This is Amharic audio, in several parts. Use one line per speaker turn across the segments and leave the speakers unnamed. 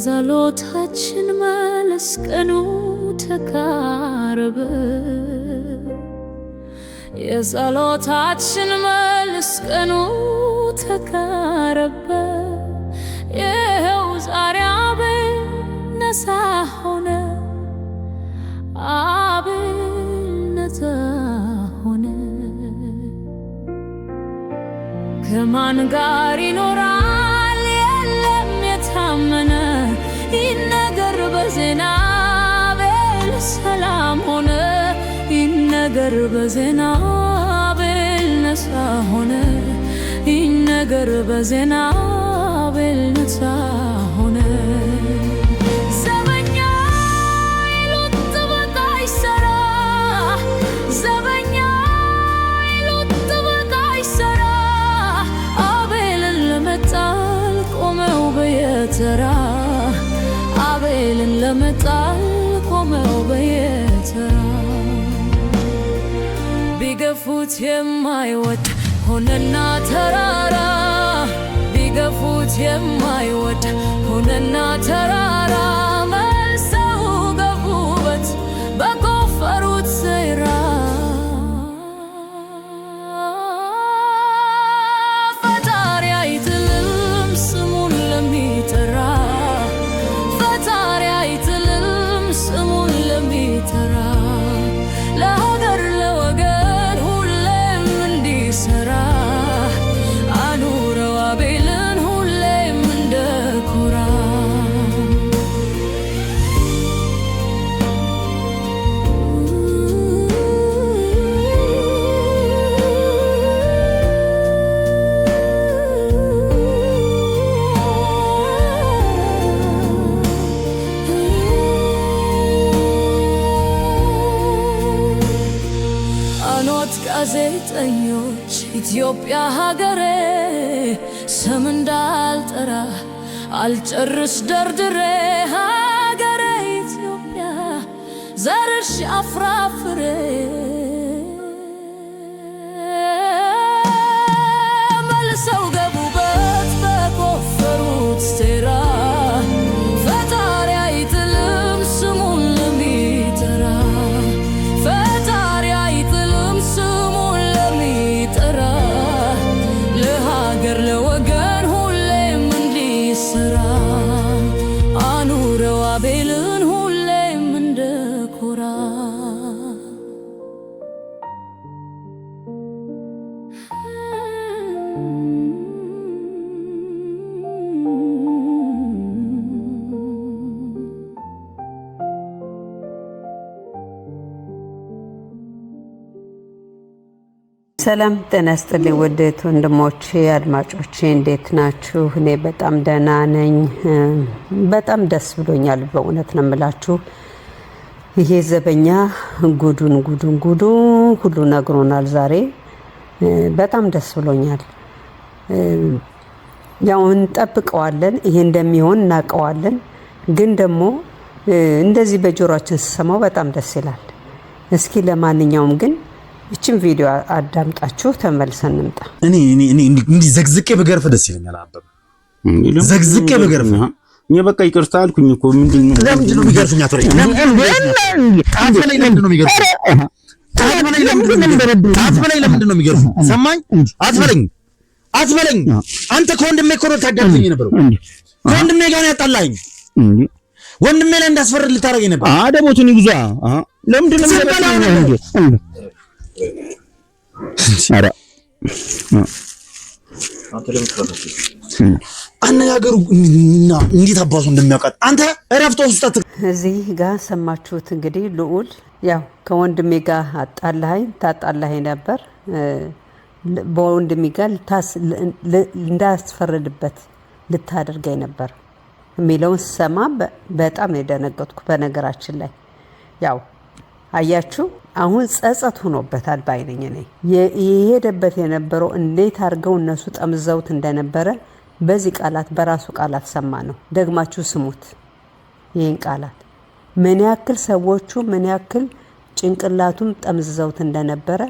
ለጸሎታችን መለስ ቀኑ ተቃረበ። የጸሎታችን መለስ ቀኑ ተቃረበ። ይኸው ዛሬ አቤል ነፃ ሆነ፣ አቤል ሆነ። ከማን ጋር ይኖራል? በዜናቤል ነሳ ሆነ ይህ ነገር በዜናቤል ነፃ ሆነና ተራራ ቢገፉት የማይወድ ሆነና አልጨርስ ደርድሬ ሀገረ ኢትዮጵያ ዘርሽ አፍራፍሬ
ሰላም ጤና ስጥልኝ። ውድ ወንድሞቼ አድማጮቼ እንዴት ናችሁ? እኔ በጣም ደህና ነኝ። በጣም ደስ ብሎኛል። በእውነት ነው የምላችሁ። ይሄ ዘበኛ ጉዱን ጉዱን ጉዱ ሁሉ ነግሮናል ዛሬ። በጣም ደስ ብሎኛል። ያው እንጠብቀዋለን፣ ይሄ እንደሚሆን እናውቀዋለን። ግን ደግሞ እንደዚህ በጆሮችን ስሰማው በጣም ደስ ይላል። እስኪ ለማንኛውም ግን ይችን ቪዲዮ አዳምጣችሁ ተመልሰን እንምጣ።
እንዲህ ዘግዝቄ በገርፍ ደስ ይለኛል። አበበ ዘግዝቄ በገርፍ
እኔ በቃ ይቅርታ አልኩኝ እኮ ምንድን ነው
ለምንድን ነው የሚገርፍኝ? አቶ ለምንድን ነው የሚገርፉ? ሰማኝ አትበለኝ፣ አትበለኝ። አንተ ከወንድሜ እኮ ነው ታዳርሰኝ የነበረው። ከወንድሜ ጋር ያጣላኝ። ወንድሜ ላይ እንዳስፈርድ ልታደርገኝ ነበር።
አደቦትን ይጉዛ
ለምንድን ነው አነጋገሩ እና እንዴት አባቱ እንደሚያውቃት አንተ እረፍት ውስጠት
እዚህ ጋር ሰማችሁት። እንግዲህ ልዑል ያው ከወንድሜ ጋር አጣላኸኝ ታጣላኸኝ ነበር በወንድሜ ጋር እንዳስፈረድበት ልታደርገኝ ነበር የሚለውን ስሰማ በጣም የደነገጥኩ። በነገራችን ላይ ያው አያችሁ አሁን ጸጸት ሆኖበታል ባይነኝ ነኝ የሄደበት የነበረው እንዴት አድርገው እነሱ ጠምዘውት እንደነበረ በዚህ ቃላት በራሱ ቃላት ሰማ ነው። ደግማችሁ ስሙት ይህን ቃላት ምን ያክል ሰዎቹ ምን ያክል ጭንቅላቱም ጠምዝዘውት እንደነበረ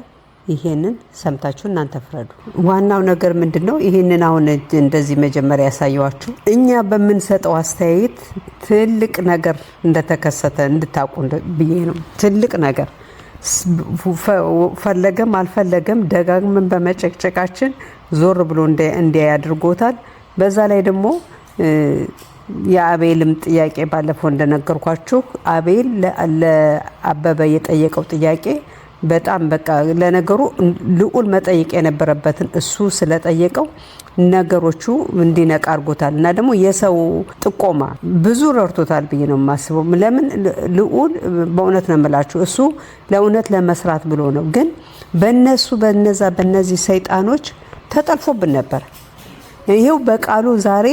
ይሄንን ሰምታችሁ እናንተ ፍረዱ። ዋናው ነገር ምንድን ነው? ይህንን አሁን እንደዚህ መጀመሪያ ያሳየዋችሁ እኛ በምንሰጠው አስተያየት ትልቅ ነገር እንደተከሰተ እንድታውቁ ብዬ ነው። ትልቅ ነገር ፈለገም አልፈለገም ደጋግምን በመጨቅጨቃችን ዞር ብሎ እንዲያ ያድርጎታል። በዛ ላይ ደግሞ የአቤልም ጥያቄ ባለፈው እንደነገርኳችሁ አቤል ለአበበ የጠየቀው ጥያቄ በጣም በቃ ለነገሩ ልዑል መጠየቅ የነበረበትን እሱ ስለጠየቀው ነገሮቹ እንዲነቃ አድርጎታል። እና ደግሞ የሰው ጥቆማ ብዙ ረድቶታል ብዬ ነው የማስበው። ለምን ልዑል በእውነት ነው የምላችሁ እሱ ለእውነት ለመስራት ብሎ ነው። ግን በነሱ በነዛ በነዚህ ሰይጣኖች ተጠልፎብን ነበር። ይሄው በቃሉ ዛሬ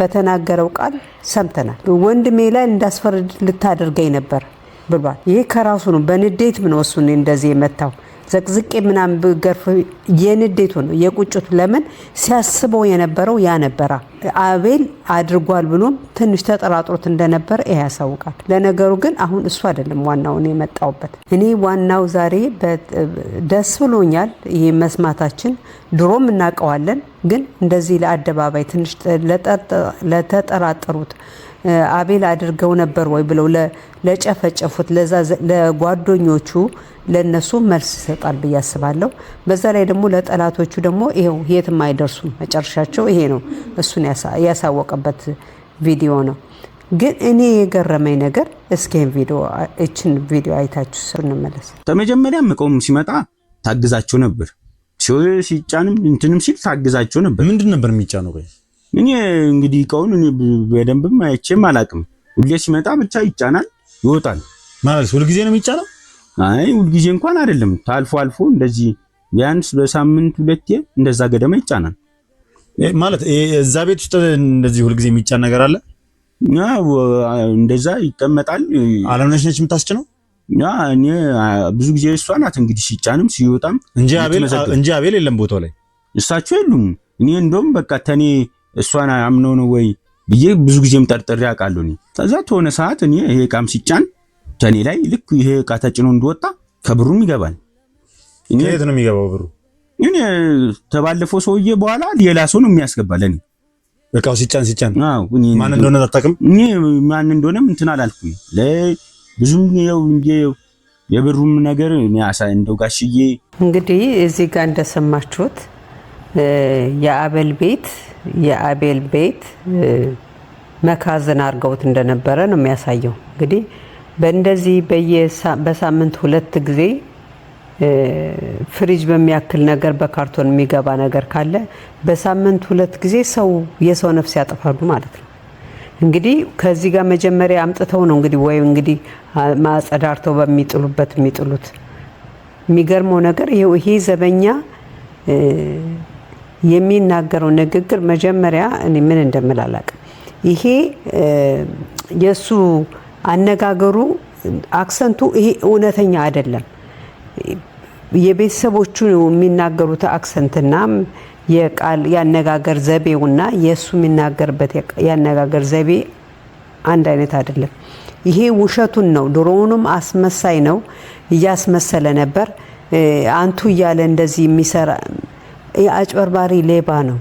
በተናገረው ቃል ሰምተናል። ወንድሜ ላይ እንዳስፈርድ ልታደርገኝ ነበር ብሏል። ይሄ ከራሱ ነው። በንዴት ምን ወሱ እንደዚህ የመታው ዘቅዝቄ ምናምን ብገርፍ የንዴቱ ነው የቁጭቱ። ለምን ሲያስበው የነበረው ያ ነበራ። አቤል አድርጓል ብሎም ትንሽ ተጠራጥሮት እንደነበረ ይህ ያሳውቃል። ለነገሩ ግን አሁን እሱ አይደለም ዋናውን የመጣውበት። እኔ ዋናው ዛሬ ደስ ብሎኛል ይህ መስማታችን። ድሮም እናውቀዋለን፣ ግን እንደዚህ ለአደባባይ ትንሽ ለተጠራጠሩት አቤል አድርገው ነበር ወይ ብለው ለጨፈጨፉት ለጓደኞቹ ለነሱ መልስ ይሰጣል ብዬ አስባለሁ። በዛ ላይ ደግሞ ለጠላቶቹ ደግሞ ይሄው የትም አይደርሱም። መጨረሻቸው ይሄ ነው። እሱን ያሳወቀበት ቪዲዮ ነው። ግን እኔ የገረመኝ ነገር እስኪን ቪዲዮ እችን ቪዲዮ አይታችሁ ስር እንመለስ።
በመጀመሪያ መቆም ሲመጣ ታግዛቸው ነበር፣ ሲጫንም እንትንም ሲል ታግዛቸው ነበር። ምንድን ነበር የሚጫነው? እኔ እንግዲህ እቃውን እኔ በደንብም አይቼም አላቅም። ሁሌ ሲመጣ ብቻ ይጫናል ይወጣል።
ማለት ሁልጊዜ ነው የሚጫነው?
አይ ሁልጊዜ እንኳን አይደለም፣ ታልፎ አልፎ እንደዚህ ቢያንስ በሳምንት ሁለቴ እንደዛ ገደማ ይጫናል። ማለት እዛ ቤት ውስጥ እንደዚህ ሁልጊዜ የሚጫን ነገር አለ? ያው እንደዛ ይቀመጣል። አለምነሽ ነች የምታስጭነው? እኔ ብዙ ጊዜ እሷ ናት እንግዲህ ሲጫንም ሲወጣም እንጂ አቤል የለም ቦታው ላይ እሳቸው የሉም። እኔ እንደውም በቃ ተኔ እሷን አምኖ ነው ወይ ብዬ ብዙ ጊዜም ጠርጥሬ አውቃለሁ። እኔ ከዛ ተሆነ ሰዓት እኔ ይሄ እቃም ሲጫን ተኔ ላይ ልክ ይሄ እቃ ተጭኖ እንደወጣ ከብሩም ይገባል። ከየት ነው የሚገባው ብሩ? እኔ ተባለፈው ሰውዬ በኋላ ሌላ ሰው ነው የሚያስገባል። እኔ እቃው ሲጫን ሲጫን። ማን እንደሆነ አታውቅም? እኔ ማን እንደሆነም እንትን አላልኩም። ብዙም የብሩም ነገር እንደው ጋሽዬ እንግዲህ እዚህ ጋር እንደሰማችሁት የአቤል ቤት የአቤል ቤት መካዝን አድርገውት እንደነበረ ነው የሚያሳየው። እንግዲህ በእንደዚህ በሳምንት ሁለት ጊዜ ፍሪጅ በሚያክል ነገር በካርቶን የሚገባ ነገር ካለ በሳምንት ሁለት ጊዜ ሰው የሰው ነፍስ ያጠፋሉ ማለት ነው። እንግዲህ ከዚህ ጋር መጀመሪያ አምጥተው ነው እንግዲህ ወይ እንግዲህ ማጸዳርተው በሚጥሉበት የሚጥሉት። የሚገርመው ነገር ይሄ ዘበኛ የሚናገረው ንግግር መጀመሪያ እኔ ምን እንደምል ይሄ የእሱ አነጋገሩ አክሰንቱ ይሄ እውነተኛ አይደለም። የቤተሰቦቹ የሚናገሩት አክሰንትና የቃል ያነጋገር ዘቤውና የእሱ የሚናገርበት ያነጋገር ዘቤ አንድ አይነት አይደለም። ይሄ ውሸቱን ነው። ድሮውንም አስመሳይ ነው፣ እያስመሰለ ነበር አንቱ እያለ እንደዚህ የሚሰራ የአጭበርባሪ ሌባ ነው፣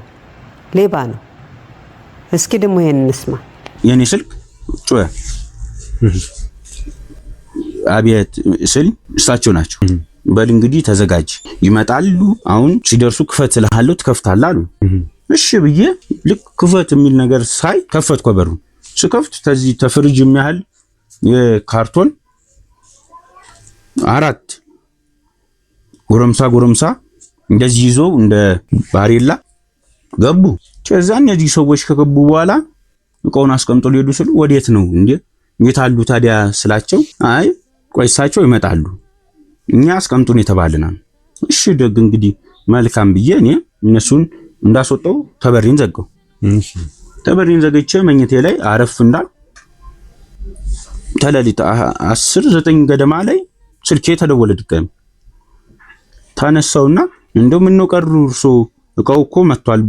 ሌባ ነው። እስኪ ደግሞ ይሄን እንስማ። የኔ ስልክ ጮኸ አብየት ስል እሳቸው ናቸው። በል እንግዲህ ተዘጋጅ፣ ይመጣሉ። አሁን ሲደርሱ ክፈት እልሃለሁ፣ ትከፍታለህ አሉ። እሺ ብዬ ልክ ክፈት የሚል ነገር ሳይ ከፈትኩ ኮበሩ ስከፍት ተዚህ ተፍሪጅ የሚያህል የካርቶን አራት ጎረምሳ ጎረምሳ እንደዚህ ይዞ እንደ ባሬላ ገቡ። ከዛ እነዚህ ሰዎች ከገቡ በኋላ እቃውን አስቀምጦ ሊሄዱ ስሉ ወዴት ነው እንዴ የት አሉ ታዲያ ስላቸው፣ አይ ቆይሳቸው ይመጣሉ እኛ አስቀምጡን የተባልናል። እሺ ደግ እንግዲህ መልካም ብዬ እኔ እነሱን እንዳስወጣው ተበሬን ዘጋው። ተበሬን ዘግቼ መኝቴ ላይ አረፍ እንዳል ተለሊት አስር ዘጠኝ ገደማ ላይ ስልኬ ተደወለ። ድጋሚ ታነሳውና እንደው ምነው ቀሩ እርሶ እቃው እኮ መጥቷል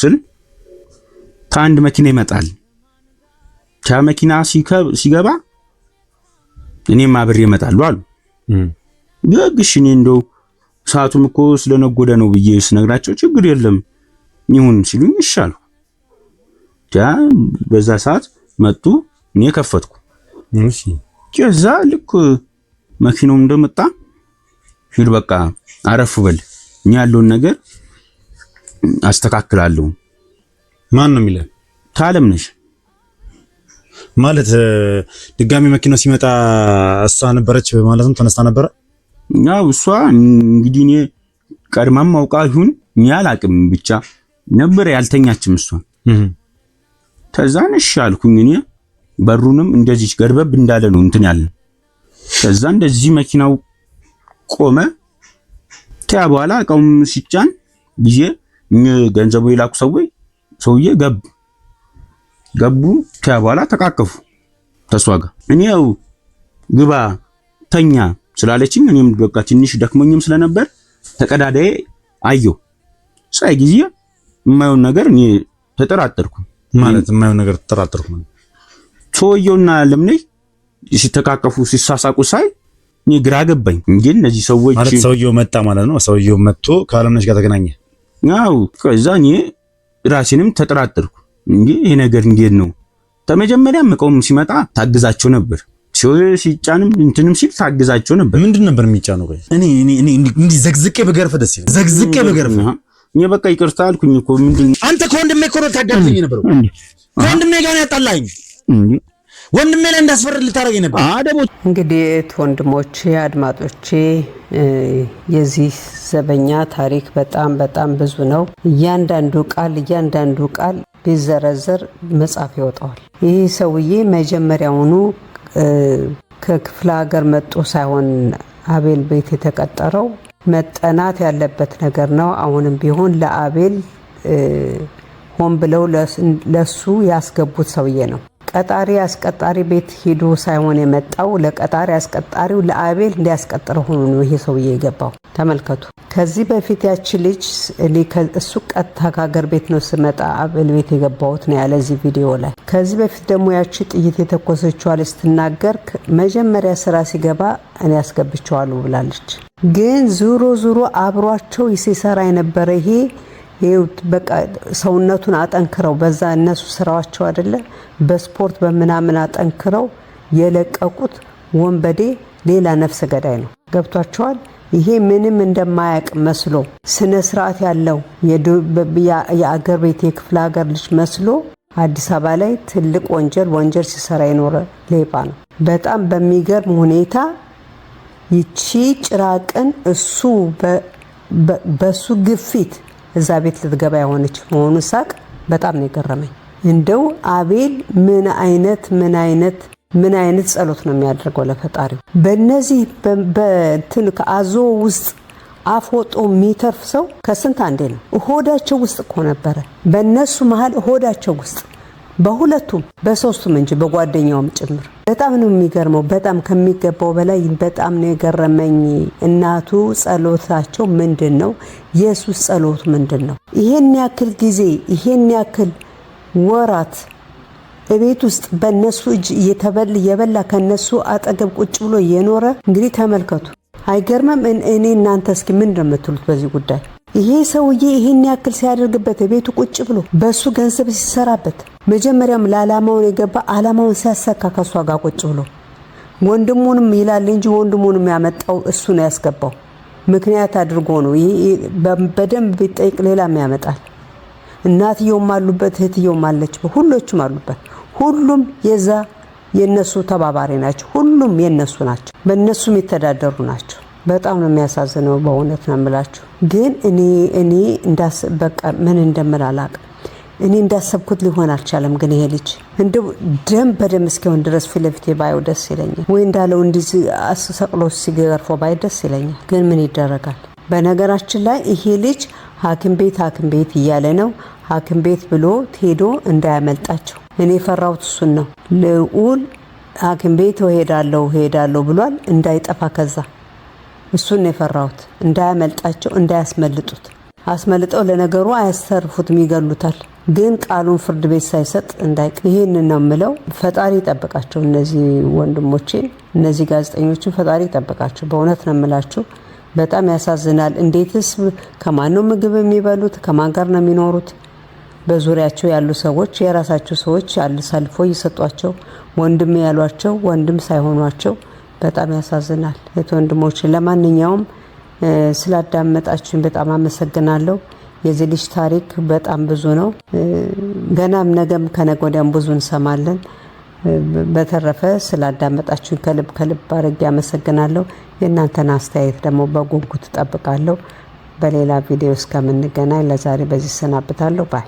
ስል ከአንድ መኪና ይመጣል። ቻ መኪና ሲገባ እኔም አብሬ ይመጣሉ አሉ። ግግሽ እኔ እንደው ሰዓቱም እኮ ስለነጎደ ነው ብዬ ስነግራቸው ችግር የለም ይሁን ሲሉኝ ይሻሉ። ቻ በዛ ሰዓት መጡ። እኔ ከፈትኩ። እሺ ከዛ ልክ መኪናው እንደመጣ ሂድ በቃ አረፍ በል እኛ ያለውን ነገር አስተካክላለሁ። ማን ነው የሚለን? ከአለም ነሽ ማለት ድጋሚ መኪናው ሲመጣ እሷ ነበረች ማለትም ተነስታ ነበረ። ያው እሷ እንግዲህ እኔ ቀድማም አውቃ ይሁን እኔ አላቅም፣ ብቻ ነበረ ያልተኛችም እሷ። ከዛን እሺ አልኩኝ እኔ በሩንም እንደዚህ ገርበብ እንዳለ ነው እንትን ያለ። ከዛ እንደዚህ መኪናው ቆመ። ከያ በኋላ እቃውም ሲጫን ጊዜ ገንዘቡ የላኩ ሰዎች ሰውዬ ገቡ ገቡ። ከያ በኋላ ተቃቀፉ ተስዋጋ ጋር እኔ ያው ግባ ተኛ ስላለችኝ እኔም በቃ ትንሽ ደክሞኝም ስለነበር ተቀዳዳዬ አየሁ። ሳይ ጊዜ የማየውን ነገር እኔ ተጠራጠርኩ። ማለት የማየውን ነገር ተጠራጠርኩ ሰውየውና ለምኔ ሲተቃቀፉ ሲሳሳቁ ሳይ እኔ ግራ ገባኝ። እንግዲህ እነዚህ ሰዎች ማለት ሰውየው መጣ ማለት ነው። ሰውየው መጥቶ ከአለምነሽ ጋር ተገናኘ። አዎ ከዛ እኔ ራሴንም ተጠራጠርኩ። እንግዲህ ይሄ ነገር እንዴት ነው? ተመጀመሪያ መቆም ሲመጣ ታግዛቸው ነበር ሲጫንም እንትንም ሲል ታግዛቸው ነበር። ምንድን ነበር የሚጫነው? ቆይ እኔ እኔ እኔ እንዲህ ዘግዝቄ በገርፈ ደስ ይላል። ዘግዝቄ በገርፈ እኔ በቃ ይቅርታ አልኩኝ እኮ ምንድን አንተ ከወንድሜ እኮ ነው ታጋርፈኝ ነበረው ከወንድሜ ጋር ያጣላኝ ወንድሜ ላይ እንዳስፈርድ ልታደረግ ነበር። እንግዲህ ወንድሞቼ፣ አድማጮቼ የዚህ ዘበኛ ታሪክ በጣም በጣም ብዙ ነው። እያንዳንዱ ቃል እያንዳንዱ ቃል ቢዘረዘር መጽሐፍ ይወጣዋል። ይህ ሰውዬ መጀመሪያውኑ ከክፍለ ሀገር መጦ ሳይሆን አቤል ቤት የተቀጠረው መጠናት ያለበት ነገር ነው። አሁንም ቢሆን ለአቤል ሆን ብለው ለሱ ያስገቡት ሰውዬ ነው። ቀጣሪ አስቀጣሪ ቤት ሄዶ ሳይሆን የመጣው ለቀጣሪ አስቀጣሪው ለአቤል እንዲያስቀጥረው ሆኖ ነው ይሄ ሰውዬ የገባው። ተመልከቱ። ከዚህ በፊት ያቺ ልጅ እሱ ቀጥታ ከሀገር ቤት ነው ስመጣ አቤል ቤት የገባሁት ነው ያለ እዚህ ቪዲዮ ላይ። ከዚህ በፊት ደግሞ ያቺ ጥይት የተኮሰችዋል ስትናገር መጀመሪያ ስራ ሲገባ እኔ ያስገብቸዋሉ ብላለች። ግን ዙሮ ዙሮ አብሯቸው ሲሰራ የነበረ ይሄ በቃ ሰውነቱን አጠንክረው በዛ እነሱ ስራዋቸው አይደለ በስፖርት በምናምን አጠንክረው የለቀቁት ወንበዴ ሌላ ነፍሰ ገዳይ ነው። ገብቷቸዋል። ይሄ ምንም እንደማያቅ መስሎ ስነ ስርዓት ያለው የአገር ቤት የክፍለ ሀገር ልጅ መስሎ አዲስ አበባ ላይ ትልቅ ወንጀል ወንጀል ሲሰራ የኖረ ሌባ ነው። በጣም በሚገርም ሁኔታ ይቺ ጭራቅን እሱ በሱ ግፊት እዛ ቤት ልትገባ የሆነች መሆኑን ሳቅ በጣም ነው የገረመኝ። እንደው አቤል ምን አይነት ምን አይነት ምን አይነት ጸሎት ነው የሚያደርገው ለፈጣሪው። በእነዚህ በእንትን ከአዞ ውስጥ አፎጦ የሚተርፍ ሰው ከስንት አንዴ ነው። እሆዳቸው ውስጥ እኮ ነበረ፣ በእነሱ መሀል እሆዳቸው ውስጥ፣ በሁለቱም በሶስቱም እንጂ በጓደኛውም ጭምር በጣም ነው የሚገርመው። በጣም ከሚገባው በላይ በጣም ነው የገረመኝ። እናቱ ጸሎታቸው ምንድን ነው? የሱስ ጸሎት ምንድን ነው? ይሄን ያክል ጊዜ ይሄን ያክል ወራት እቤት ውስጥ በእነሱ እጅ እየተበል የበላ ከነሱ አጠገብ ቁጭ ብሎ የኖረ እንግዲህ ተመልከቱ። አይገርምም? እኔ እናንተ እስኪ ምንድን ነው የምትሉት በዚህ ጉዳይ? ይሄ ሰውዬ ይሄን ያክል ሲያደርግበት ቤቱ ቁጭ ብሎ በሱ ገንዘብ ሲሰራበት መጀመሪያም ለዓላማውን የገባ ዓላማውን ሲያሰካ ከእሷ ጋር ቁጭ ብሎ ወንድሙንም ይላል እንጂ ወንድሙንም ያመጣው እሱ ነው ያስገባው ምክንያት አድርጎ ነው። በደንብ ቢጠይቅ ሌላም ያመጣል። እናትየውም አሉበት፣ እህትየውም አለች፣ ሁሎቹም አሉበት። ሁሉም የዛ የነሱ ተባባሪ ናቸው። ሁሉም የነሱ ናቸው። በእነሱም የተዳደሩ ናቸው። በጣም ነው የሚያሳዝነው። በእውነት ነው የምላችሁ። ግን እኔ እኔ በቃ ምን እንደምል አላቅም። እኔ እንዳሰብኩት ሊሆን አልቻለም። ግን ይሄ ልጅ እንደው ደም በደም እስኪሆን ድረስ ፊት ለፊቴ ባየው ደስ ይለኛል፣ ወይ እንዳለው እንዲህ ሰቅሎ ሲገርፎ ባይ ደስ ይለኛል። ግን ምን ይደረጋል? በነገራችን ላይ ይሄ ልጅ ሐኪም ቤት ሐኪም ቤት እያለ ነው። ሐኪም ቤት ብሎ ሄዶ እንዳያመልጣቸው እኔ የፈራሁት እሱን ነው። ልዑል ሐኪም ቤት ሄዳለሁ ሄዳለሁ ብሏል፣ እንዳይጠፋ ከዛ እሱን የፈራሁት እንዳያመልጣቸው፣ እንዳያስመልጡት። አስመልጠው ለነገሩ አያሰርፉትም፣ ይገሉታል። ግን ቃሉን ፍርድ ቤት ሳይሰጥ እንዳይቅ ይህን ነው የምለው። ፈጣሪ ይጠብቃቸው እነዚህ ወንድሞቼን፣ እነዚህ ጋዜጠኞችን ፈጣሪ ይጠብቃቸው። በእውነት ነው የምላችሁ። በጣም ያሳዝናል። እንዴትስ ከማን ነው ምግብ የሚበሉት? ከማን ጋር ነው የሚኖሩት? በዙሪያቸው ያሉ ሰዎች የራሳቸው ሰዎች አሳልፎ እየሰጧቸው ወንድም ያሏቸው ወንድም ሳይሆኗቸው በጣም ያሳዝናል። እህት ወንድሞች፣ ለማንኛውም ስላዳመጣችሁኝ በጣም አመሰግናለሁ። የዚህ ልጅ ታሪክ በጣም ብዙ ነው። ገናም ነገም ከነገ ወዲያም ብዙ እንሰማለን። በተረፈ ስላዳመጣችሁኝ ከልብ ከልብ አድርጌ አመሰግናለሁ። የእናንተን አስተያየት ደግሞ በጉጉት እጠብቃለሁ። በሌላ ቪዲዮ እስከምንገናኝ ለዛሬ በዚህ እሰናብታለሁ ባይ